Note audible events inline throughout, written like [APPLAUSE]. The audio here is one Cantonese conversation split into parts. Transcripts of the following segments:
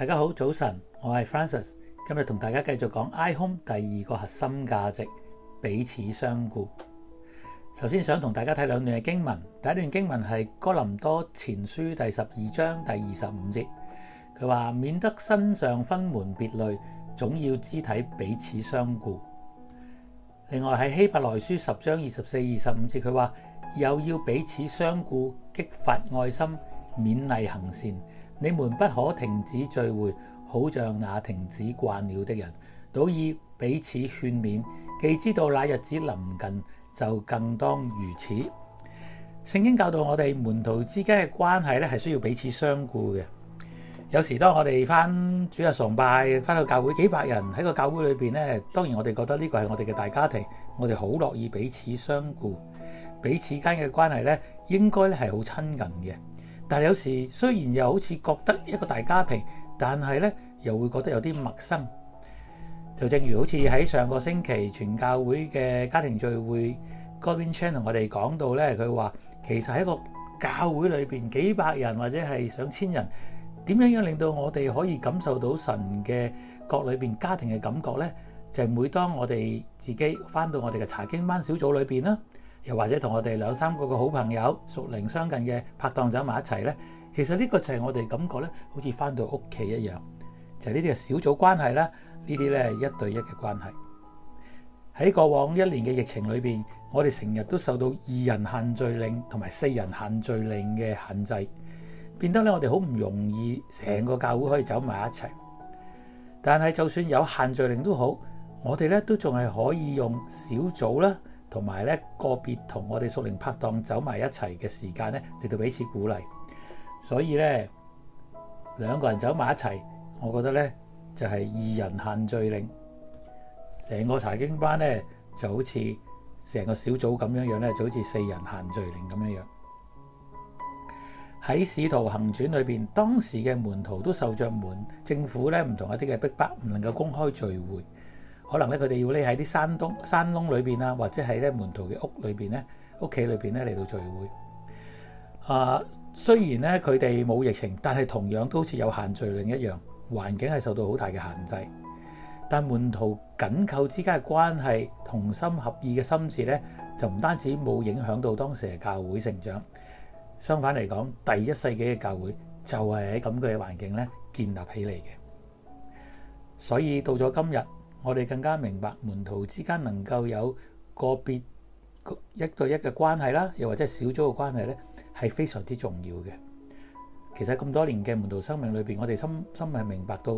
大家好，早晨，我係 Francis，今日同大家繼續講 iHome 第二個核心價值彼此相顧。首先想同大家睇兩段嘅經文，第一段經文係哥林多前書第十二章第二十五節，佢話免得身上分門別類，總要肢體彼此相顧。另外喺希伯來書十章二十四、二十五節，佢話又要彼此相顧，激發愛心，勉勵行善。你們不可停止聚會，好像那停止慣了的人，倒以彼此勸勉。既知道那日子臨近，就更當如此。聖經教導我哋門徒之間嘅關係咧，係需要彼此相顧嘅。有時當我哋返主日崇拜，返到教會幾百人喺個教會裏邊咧，當然我哋覺得呢個係我哋嘅大家庭，我哋好樂意彼此相顧，彼此間嘅關係咧，應該咧係好親近嘅。但係有時，雖然又好似覺得一個大家庭，但係咧又會覺得有啲陌生。就正如好似喺上個星期全教會嘅家庭聚會，Godwin Chan 同我哋講到咧，佢話其實喺個教會裏邊幾百人或者係上千人，點樣樣令到我哋可以感受到神嘅國裏邊家庭嘅感覺咧？就係每當我哋自己返到我哋嘅查經班小組裏邊啦。又或者同我哋兩三個嘅好朋友屬靈相近嘅拍檔走埋一齊咧，其實呢個就係我哋感覺咧，好似翻到屋企一樣。就係呢啲係小組關係啦。呢啲咧一對一嘅關係。喺過往一年嘅疫情裏邊，我哋成日都受到二人限聚令同埋四人限聚令嘅限制，變得咧我哋好唔容易成個教會可以走埋一齊。但係就算有限聚令都好，我哋咧都仲係可以用小組啦。同埋咧，個別同我哋熟齡拍檔走埋一齊嘅時間咧，嚟到彼此鼓勵。所以咧，兩個人走埋一齊，我覺得咧就係二人限聚令。成個查經班咧就好似成個小組咁樣樣咧，就好似四人限聚令咁樣樣。喺《使徒行傳》裏邊，當時嘅門徒都受着滿政府咧唔同一啲嘅逼迫，唔能夠公開聚會。可能咧，佢哋要匿喺啲山窿山窿裏邊啊，或者喺咧門徒嘅屋裏邊咧，屋企裏邊咧嚟到聚會啊。雖然咧佢哋冇疫情，但係同樣都好似有限聚令一樣，環境係受到好大嘅限制。但門徒緊扣之間嘅關係，同心合意嘅心智，咧，就唔單止冇影響到當時嘅教會成長，相反嚟講，第一世紀嘅教會就係喺咁嘅環境咧建立起嚟嘅。所以到咗今日。我哋更加明白門徒之間能夠有個別一對一嘅關係啦，又或者小組嘅關係呢，係非常之重要嘅。其實咁多年嘅門徒生命裏邊，我哋深深係明白到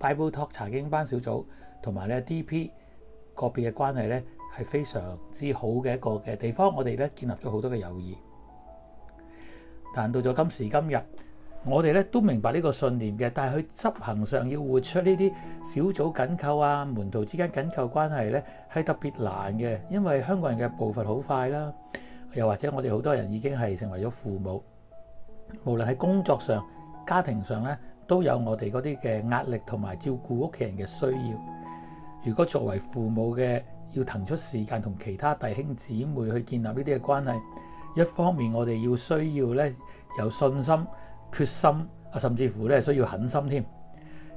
Bible Talk 查經班小組，同埋咧 DP 個別嘅關係呢，係非常之好嘅一個嘅地方。我哋呢建立咗好多嘅友誼，但到咗今時今日。我哋咧都明白呢個信念嘅，但係去執行上要活出呢啲小組緊扣啊、門徒之間緊扣關係呢，係特別難嘅。因為香港人嘅步伐好快啦，又或者我哋好多人已經係成為咗父母，無論喺工作上、家庭上呢，都有我哋嗰啲嘅壓力同埋照顧屋企人嘅需要。如果作為父母嘅要騰出時間同其他弟兄姊妹去建立呢啲嘅關係，一方面我哋要需要呢有信心。決心啊，甚至乎咧需要狠心添，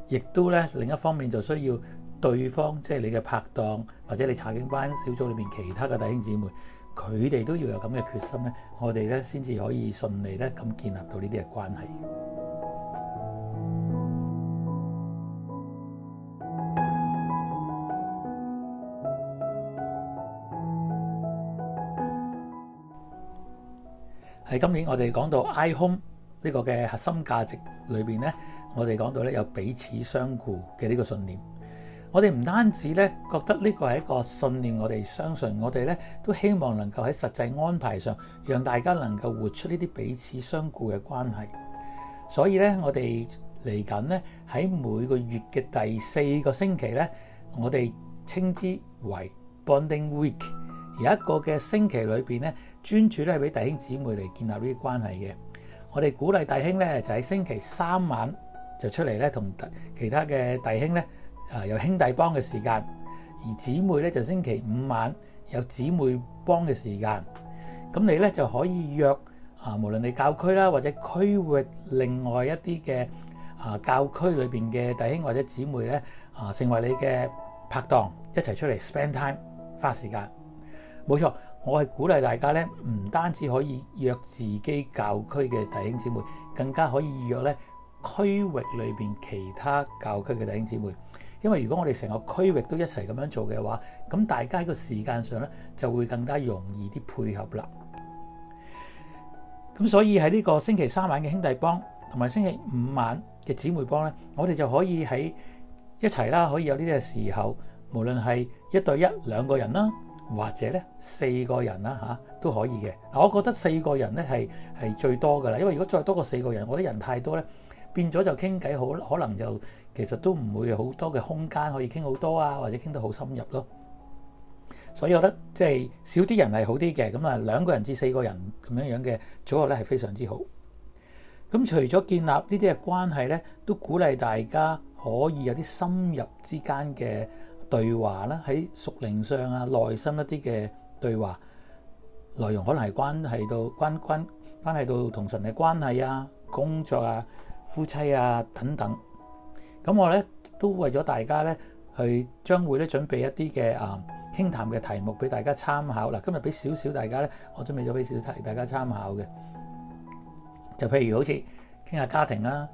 亦都咧另一方面就需要對方，即係你嘅拍檔或者你查經班小組裏邊其他嘅弟兄姊妹，佢哋都要有咁嘅決心咧，我哋咧先至可以順利咧咁建立到呢啲嘅關係。喺今年我哋講到 iHome 呢個嘅核心價值裏面呢，我哋講到呢有彼此相顧嘅呢個信念。我哋唔單止呢覺得呢個係一個信念，我哋相信我，我哋呢都希望能夠喺實際安排上，讓大家能夠活出呢啲彼此相顧嘅關係。所以呢，我哋嚟緊呢喺每個月嘅第四個星期呢，我哋稱之為 Bonding Week，有一個嘅星期裏面呢，專注呢係俾弟兄姊妹嚟建立呢啲關係嘅。我哋鼓勵弟兄咧，就喺星期三晚就出嚟咧，同其他嘅弟兄咧，啊有兄弟幫嘅時間；而姊妹咧就星期五晚有姊妹幫嘅時間。咁你咧就可以約啊，無論你教區啦，或者區域另外一啲嘅啊教區裏邊嘅弟兄或者姊妹咧，啊成為你嘅拍檔，一齊出嚟 spend time 花時間。冇錯。我係鼓勵大家咧，唔單止可以約自己教區嘅弟兄姊妹，更加可以約咧區域裏邊其他教區嘅弟兄姊妹。因為如果我哋成個區域都一齊咁樣做嘅話，咁大家喺個時間上咧就會更加容易啲配合啦。咁所以喺呢個星期三晚嘅兄弟幫，同埋星期五晚嘅姊妹幫咧，我哋就可以喺一齊啦，可以有呢啲嘅時候，無論係一對一、兩個人啦。或者咧四個人啦嚇、啊、都可以嘅。我覺得四個人咧係係最多噶啦，因為如果再多過四個人，我覺得人太多咧，變咗就傾偈好，可能就其實都唔會有好多嘅空間可以傾好多啊，或者傾得好深入咯。所以我覺得即係、就是、少啲人係好啲嘅，咁啊兩個人至四個人咁樣樣嘅組合咧係非常之好。咁除咗建立呢啲嘅關係咧，都鼓勵大家可以有啲深入之間嘅。對話啦，喺屬靈上啊，內心一啲嘅對話內容，可能係關係到關關關係到同神嘅關係啊、工作啊、夫妻啊等等。咁我咧都為咗大家咧，去將會咧準備一啲嘅啊傾談嘅題目俾大家參考啦。今日俾少少大家咧，我準備咗俾少啲大家參考嘅，就譬如好似傾下家庭啦、啊，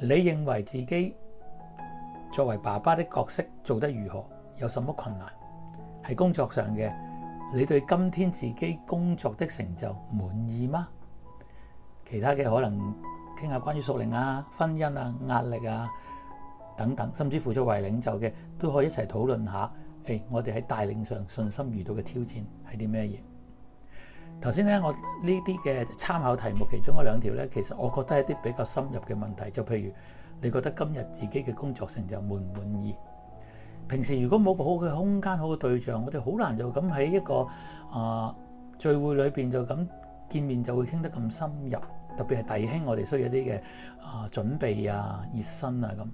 你認為自己，作為爸爸的角色做得如何？有什麼困難？係工作上嘅？你對今天自己工作的成就滿意嗎？其他嘅可能傾下關於熟齡啊、婚姻啊、壓力啊等等，甚至乎作為領袖嘅都可以一齊討論一下。誒、哎，我哋喺帶領上信心遇到嘅挑戰係啲咩嘢？頭先咧，我呢啲嘅參考題目其中嗰兩條咧，其實我覺得係一啲比較深入嘅問題，就譬如。你覺得今日自己嘅工作成就滿唔滿意？平時如果冇個好嘅空間、好嘅對象，我哋好難就咁喺一個啊、呃、聚會裏邊就咁見面就會傾得咁深入。特別係弟兄，我哋需要一啲嘅啊準備啊熱身啊咁。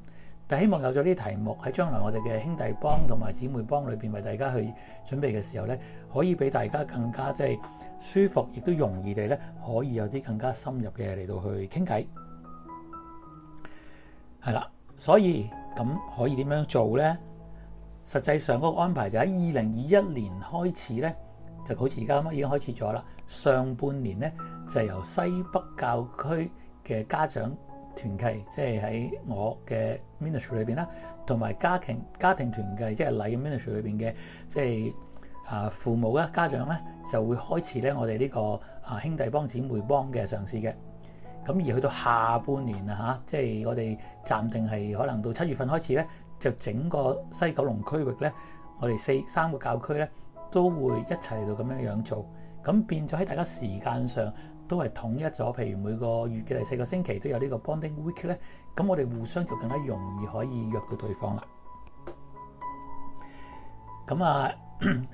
但希望有咗啲題目喺將來我哋嘅兄弟幫同埋姊妹幫裏邊為大家去準備嘅時候呢，可以俾大家更加即係舒服，亦都容易地呢，可以有啲更加深入嘅嚟到去傾偈。係啦，所以咁可以點樣做咧？實際上嗰個安排就喺二零二一年開始咧，就好似而家咁已經開始咗啦。上半年咧就由西北教區嘅家長團契，即係喺我嘅 ministry 裏邊啦，同埋家庭家庭團契，即係禮嘅 ministry 裏邊嘅，即係啊父母啊家長咧，就會開始咧我哋呢個啊兄弟幫姊妹幫嘅嘗試嘅。咁而去到下半年啦，吓，即係我哋暫定係可能到七月份開始咧，就整個西九龍區域咧，我哋四三個教區咧都會一齊嚟到咁樣樣做，咁變咗喺大家時間上都係統一咗，譬如每個月嘅第四個星期都有這個呢個 Bonding Week 咧，咁我哋互相就更加容易可以約到對方啦。咁啊，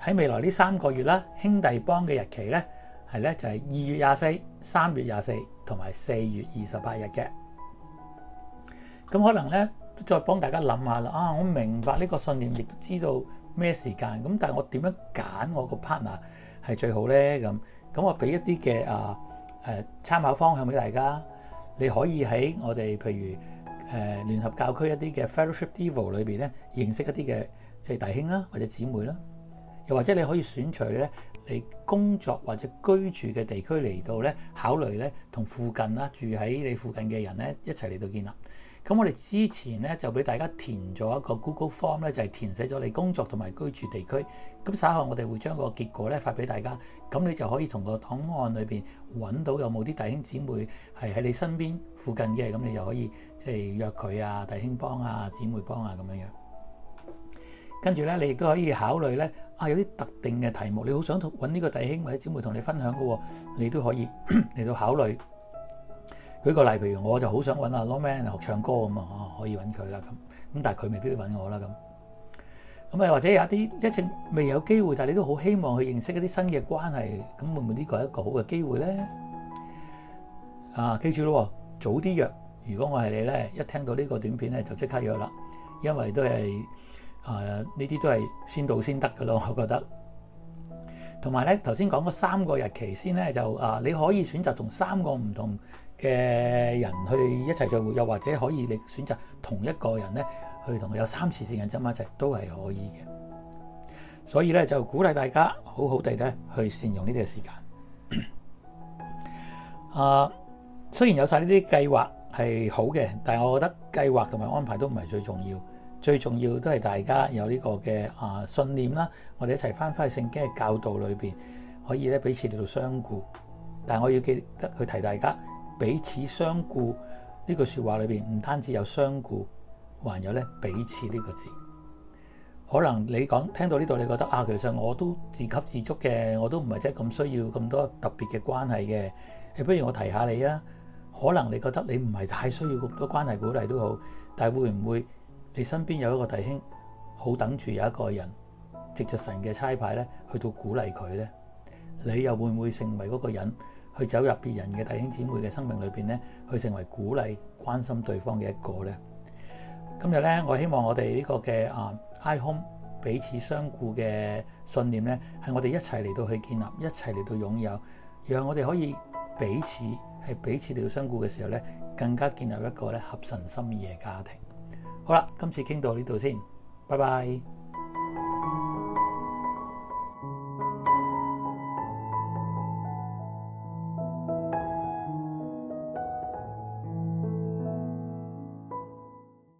喺未來呢三個月啦，兄弟幫嘅日期咧～係咧，就係、是、二月廿四、三月廿四同埋四月二十八日嘅。咁可能咧，都再幫大家諗下啦。啊，我明白呢個信念，亦都知道咩時間。咁但係我點樣揀我個 partner 係最好咧？咁咁我俾一啲嘅啊誒、啊、參考方向俾大家。你可以喺我哋譬如誒、啊、聯合教區一啲嘅 fellowship devil 裏邊咧，認識一啲嘅即係弟兄啦或者姊妹啦。又或者你可以選取咧。你工作或者居住嘅地區嚟到咧，考慮咧同附近啦，住喺你附近嘅人咧一齊嚟到建立。咁我哋之前咧就俾大家填咗一個 Google Form 咧，就係填寫咗你工作同埋居住地區。咁稍後我哋會將個結果咧發俾大家。咁你就可以同個檔案裏邊揾到有冇啲弟兄姊妹係喺你身邊附近嘅，咁你就可以即係約佢啊，弟兄幫啊，姊妹幫啊咁樣樣。跟住咧，你亦都可以考慮咧，啊有啲特定嘅題目，你好想同揾呢個弟兄或者姊妹同你分享嘅，哦，你都可以嚟到考慮。舉個例，譬如我就好想揾阿、啊、Norman 學唱歌咁，嗯、啊，可以揾佢啦咁。咁但係佢未必揾我啦咁。咁，嗯、啊，或者有一啲一直未有機會，但係你都好希望去認識一啲新嘅關係，咁會唔會呢個係一個好嘅機會咧？啊，記住咯，早啲約。如果我係你咧，一聽到呢個短片咧，就即刻約啦，因為都係。啊！呢啲都係先到先得噶咯，我覺得。同埋呢，頭先講嗰三個日期先呢，就啊，你可以選擇同三個唔同嘅人去一齊聚會，又或者可以你選擇同一個人呢，去同佢有三次時間走埋一齊，都係可以嘅。所以呢，就鼓勵大家好好地呢去善用呢啲時間。 [COUGHS] 啊，雖然有曬呢啲計劃係好嘅，但係我覺得計劃同埋安排都唔係最重要。最重要都係大家有呢個嘅啊信念啦。我哋一齊翻返去聖經嘅教導裏面，可以咧彼此嚟到相顧。但係我要記得去提大家彼此相顧呢句說話裏面，唔單止有相顧，還有咧彼此呢個字。可能你講聽到呢度，你覺得啊，其實我都自給自足嘅，我都唔係真係咁需要咁多特別嘅關係嘅。你不如我提下你啊。可能你覺得你唔係太需要咁多關係鼓勵都好，但係會唔會？你身邊有一個弟兄，好等住有一個人，藉着神嘅差派，咧，去到鼓勵佢呢，你又會唔會成為嗰個人，去走入別人嘅弟兄姊妹嘅生命裏面，咧，去成為鼓勵、關心對方嘅一個呢？今日呢，我希望我哋呢個嘅啊、iHome 彼此相顧嘅信念呢，係我哋一齊嚟到去建立，一齊嚟到擁有，讓我哋可以彼此係彼此嚟到相顧嘅時候呢，更加建立一個咧合神心意嘅家庭。好啦，今次傾到呢度先，拜拜。